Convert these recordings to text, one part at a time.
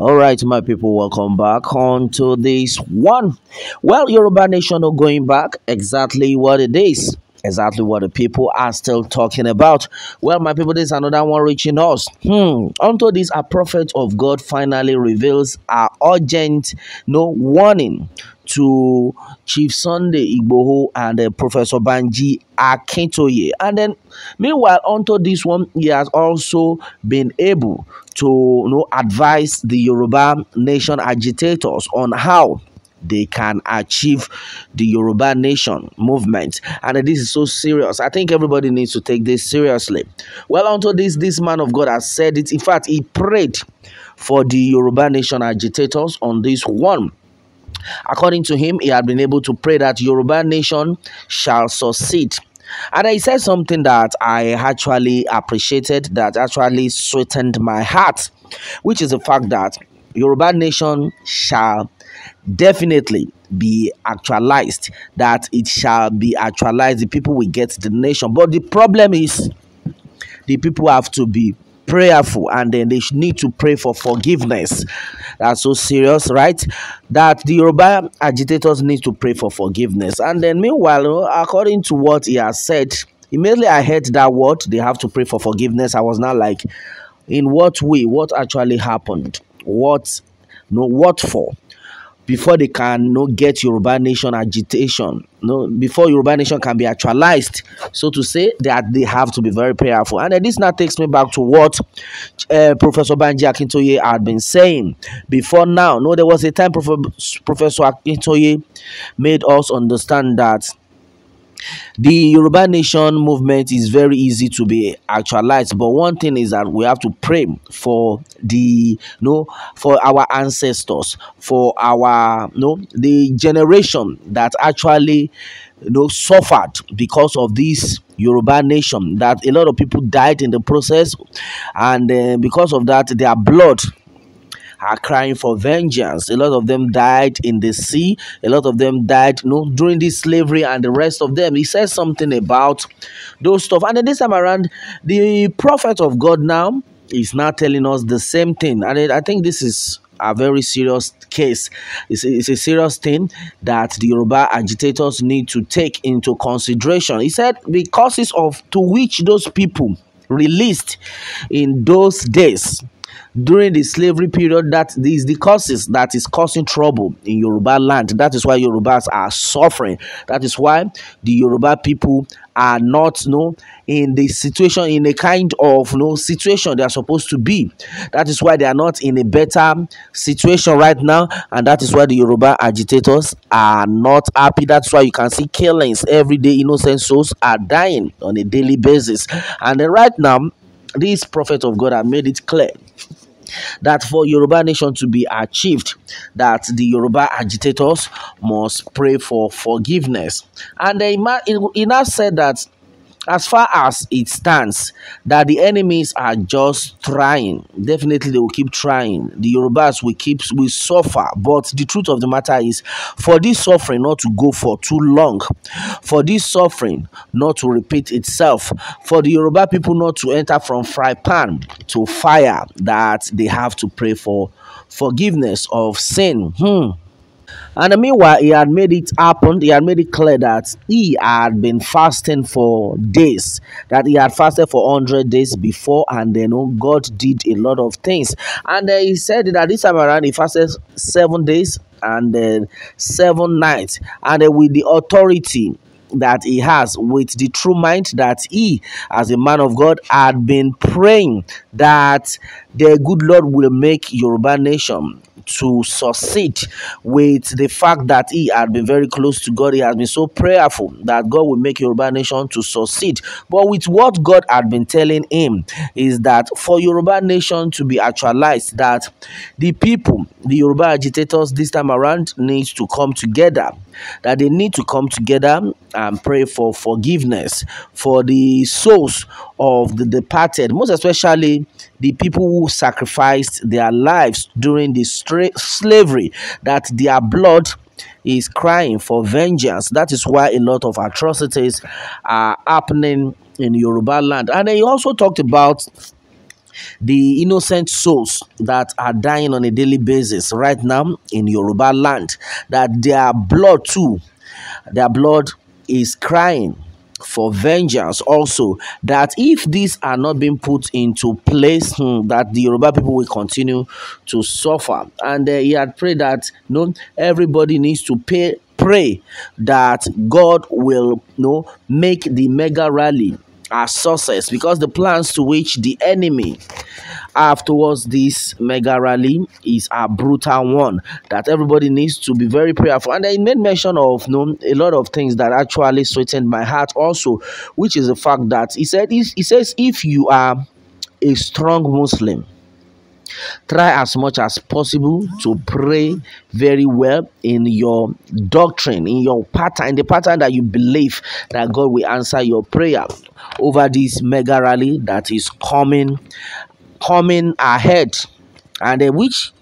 All right, my people, welcome back on to this one. Well, Yoruba Nation are going back exactly what it is exactly what the people are still talking about. Well, my people, there's another one reaching us. Hmm. Until this, a prophet of God finally reveals our urgent no warning to Chief Sunday Igboho and uh, Professor Banji Akintoye. And then, meanwhile, onto this one, he has also been able to you know, advise the Yoruba nation agitators on how they can achieve the Yoruba nation movement. And this is so serious. I think everybody needs to take this seriously. Well, unto this, this man of God has said it. In fact, he prayed for the Yoruba nation agitators on this one. According to him, he had been able to pray that Yoruba nation shall succeed. And he said something that I actually appreciated, that actually sweetened my heart, which is the fact that Yoruba nation shall definitely be actualized, that it shall be actualized. The people will get the nation. But the problem is the people have to be prayerful and then they need to pray for forgiveness. That's so serious, right? That the Yoruba agitators need to pray for forgiveness. And then, meanwhile, according to what he has said, immediately I heard that word, they have to pray for forgiveness. I was not like, in what way? What actually happened? what no what for before they can no get Yoruba nation agitation no before Yoruba nation can be actualized so to say that they have to be very prayerful and this now takes me back to what uh, Professor Banji Akintoye had been saying before now no there was a time Prof Professor Akintoye made us understand that the Yoruba nation movement is very easy to be actualized, but one thing is that we have to pray for the you know for our ancestors, for our you know the generation that actually you know suffered because of this Yoruba nation that a lot of people died in the process, and uh, because of that, their blood are crying for vengeance. A lot of them died in the sea. A lot of them died you know, during this slavery and the rest of them. He says something about those stuff. And then this time around, the prophet of God now is now telling us the same thing. And I think this is a very serious case. It's a, it's a, serious thing that the Yoruba agitators need to take into consideration. He said the causes of to which those people released in those days during the slavery period that is the causes that is causing trouble in Yoruba land. That is why Yorubas are suffering. That is why the Yoruba people are not no in the situation in a kind of no situation they are supposed to be. That is why they are not in a better situation right now, and that is why the Yoruba agitators are not happy. That's why you can see killings every day. Innocent souls are dying on a daily basis, and right now. This prophet of God have made it clear that for Yoruba nation to be achieved, that the Yoruba agitators must pray for forgiveness. And he uh, now said that as far as it stands, that the enemies are just trying. Definitely, they will keep trying. The Yorubas will keep will suffer. But the truth of the matter is, for this suffering not to go for too long, for this suffering not to repeat itself, for the Yoruba people not to enter from fry pan to fire, that they have to pray for forgiveness of sin. Hmm. And meanwhile, he had made it happen. He had made it clear that he had been fasting for days, that he had fasted for 100 days before, and then oh, God did a lot of things. And he said that this time around, he fasted seven days and then seven nights. And with the authority that he has with the true mind that he as a man of god had been praying that the good lord will make yoruba nation to succeed with the fact that he had been very close to God. He has been so prayerful that God will make Yoruba nation to succeed. But with what God had been telling him is that for Yoruba nation to be actualized, that the people, the Yoruba agitators this time around needs to come together, that they need to come together and pray for forgiveness for the souls of the departed, most especially the people who sacrificed their lives during the slavery, that their blood is crying for vengeance. That is why a lot of atrocities are happening in Yoruba land. And he also talked about the innocent souls that are dying on a daily basis right now in Yoruba land, that their blood too, their blood is crying for vengeance also that if these are not being put into place hmm, that the Yoruba people will continue to suffer and uh, he had prayed that you no know, everybody needs to pay pray that God will you know, make the mega rally a success because the plans to which the enemy afterwards this mega rally is a brutal one that everybody needs to be very prayerful and i made mention of you know, a lot of things that actually sweetened my heart also which is the fact that he said he says if you are a strong muslim try as much as possible to pray very well in your doctrine in your pattern in the pattern that you believe that god will answer your prayer over this mega rally that is coming coming ahead and uh, which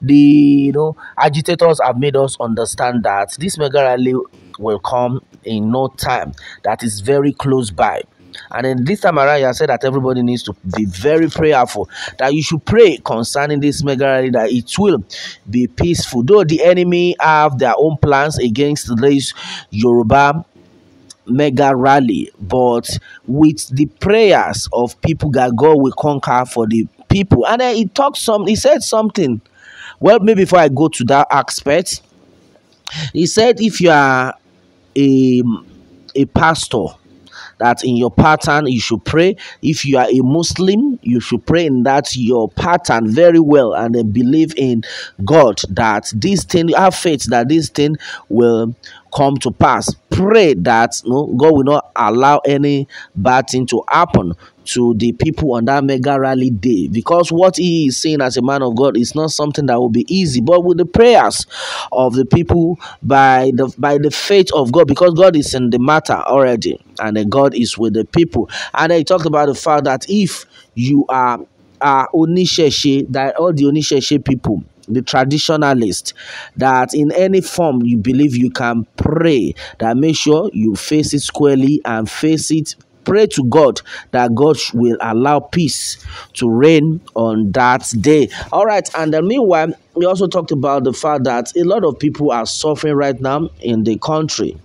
the you know agitators have made us understand that this mega rally will come in no time that is very close by and then this time around, I said that everybody needs to be very prayerful. That you should pray concerning this mega rally that it will be peaceful. Though the enemy have their own plans against this Yoruba mega rally, but with the prayers of people that God will conquer for the people. And then he talked some, he said something. Well, maybe before I go to that aspect, he said if you are a a pastor that in your pattern you should pray if you are a muslim you should pray in that your pattern very well and then believe in god that this thing have faith that this thing will come to pass. Pray that you know, God will not allow any bad thing to happen to the people on that mega rally day because what he is saying as a man of God is not something that will be easy but with the prayers of the people by the by the faith of God because God is in the matter already and then God is with the people and he talked about the fact that if you are are uh, that all the Onisheshe people the traditionalist that in any form you believe you can pray that make sure you face it squarely and face it pray to God that God will allow peace to reign on that day. All right, and then meanwhile, we also talked about the fact that a lot of people are suffering right now in the country.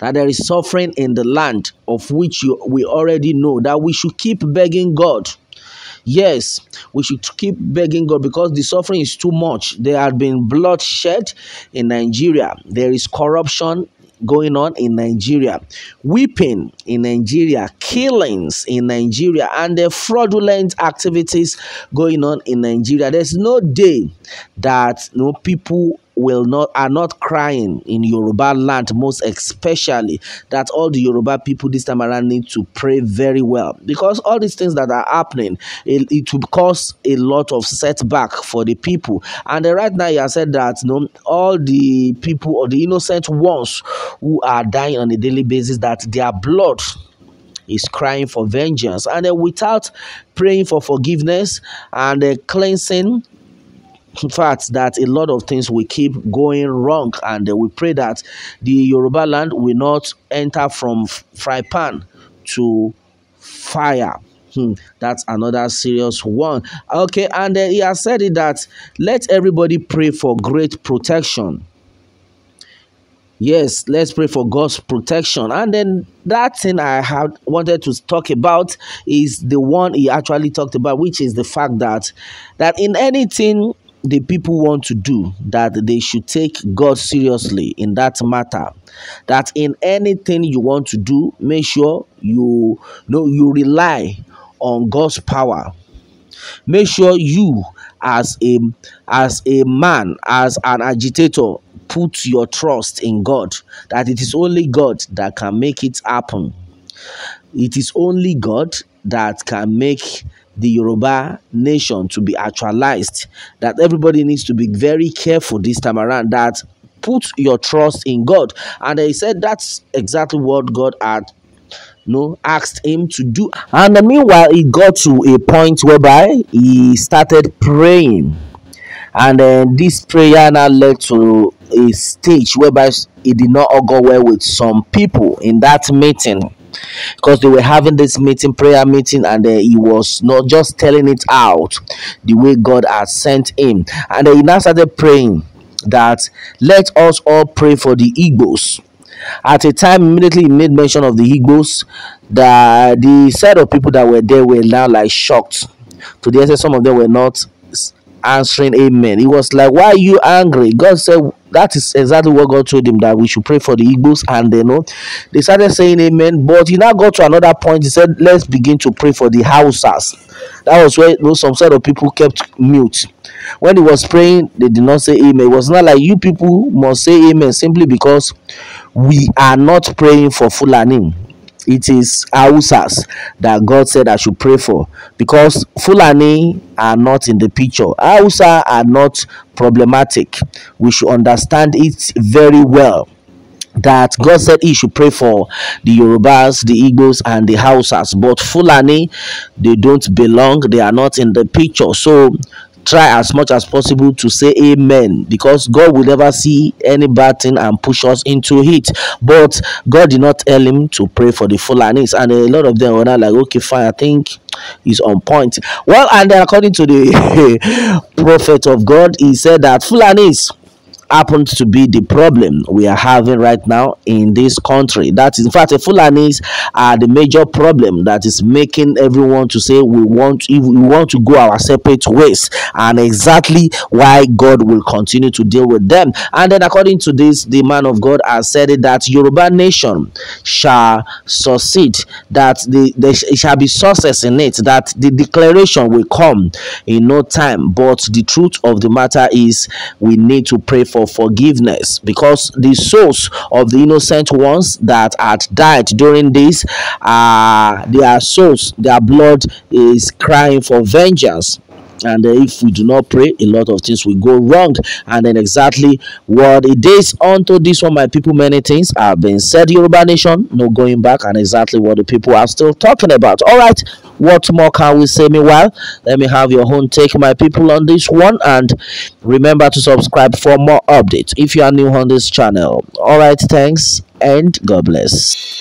That there is suffering in the land of which you, we already know that we should keep begging God Yes, we should keep begging God because the suffering is too much. There had been bloodshed in Nigeria, there is corruption going on in Nigeria, weeping in Nigeria, killings in Nigeria, and the fraudulent activities going on in Nigeria. There's no day that no people will not are not crying in Yoruba land, most especially that all the Yoruba people this time around need to pray very well because all these things that are happening it, it will cause a lot of setback for the people. And right now, you have said that you know, all the people or the innocent ones who are dying on a daily basis that their blood is crying for vengeance and uh, without praying for forgiveness and uh, cleansing fact that a lot of things will keep going wrong and uh, we pray that the Yoruba land will not enter from fry pan to fire. Hmm, that's another serious one. Okay, and uh, he has said it that let everybody pray for great protection. Yes, let's pray for God's protection. And then that thing I had wanted to talk about is the one he actually talked about, which is the fact that that in anything the people want to do that they should take God seriously in that matter. That in anything you want to do, make sure you, know you rely on God's power. Make sure you as a as a man, as an agitator, put your trust in God that it is only God that can make it happen. It is only God that can make the Yoruba nation to be actualized, that everybody needs to be very careful this time around, that put your trust in God. And he said that's exactly what God had no asked him to do and meanwhile he got to a point whereby he started praying and then this prayer now led to a stage whereby it did not go well with some people in that meeting because they were having this meeting, prayer meeting, and uh, he was not just telling it out the way God had sent him. And then he now started praying that let us all pray for the Egos. At a time, immediately he made mention of the Egos. that the set of people that were there were now like shocked. To the extent some of them were not answering amen. He was like, Why are you angry? God said, That is exactly what God told him that we should pray for the Igbos. And they you know they started saying amen. But he now got to another point. He said, Let's begin to pray for the houses." That was where you know, some sort of people kept mute. When he was praying, they did not say amen. It was not like you people must say amen simply because we are not praying for full Fulani it is Hausas that God said I should pray for because Fulani are not in the picture. Hausa are not problematic. We should understand it very well that God said he should pray for the Yorubas, the Igbos, and the Hausas. But Fulani, they don't belong. They are not in the picture. So try as much as possible to say amen because God will never see any bad thing and push us into it. But God did not tell him to pray for the Fulanis, and a lot of them were not like, okay, fine, I think is on point. Well, and according to the prophet of God, he said that Fulanis happens to be the problem we are having right now in this country. That is, in fact, the Fulanis are the major problem that is making everyone to say we want we want to go our separate ways, and exactly why God will continue to deal with them. And then, according to this, the man of God has said it, that Yoruba nation shall succeed, that the there shall be success in it, that the declaration will come in no time. But the truth of the matter is, we need to pray for for forgiveness because the souls of the innocent ones that had died during this uh, their souls their blood is crying for vengeance and if we do not pray a lot of things will go wrong and then exactly what it is unto this one my people many things have been said yoruba nation no going back and exactly what the people are still talking about all right what more can we say? Meanwhile, let me have your own take, my people, on this one. And remember to subscribe for more updates if you are new on this channel. All right, thanks and God bless.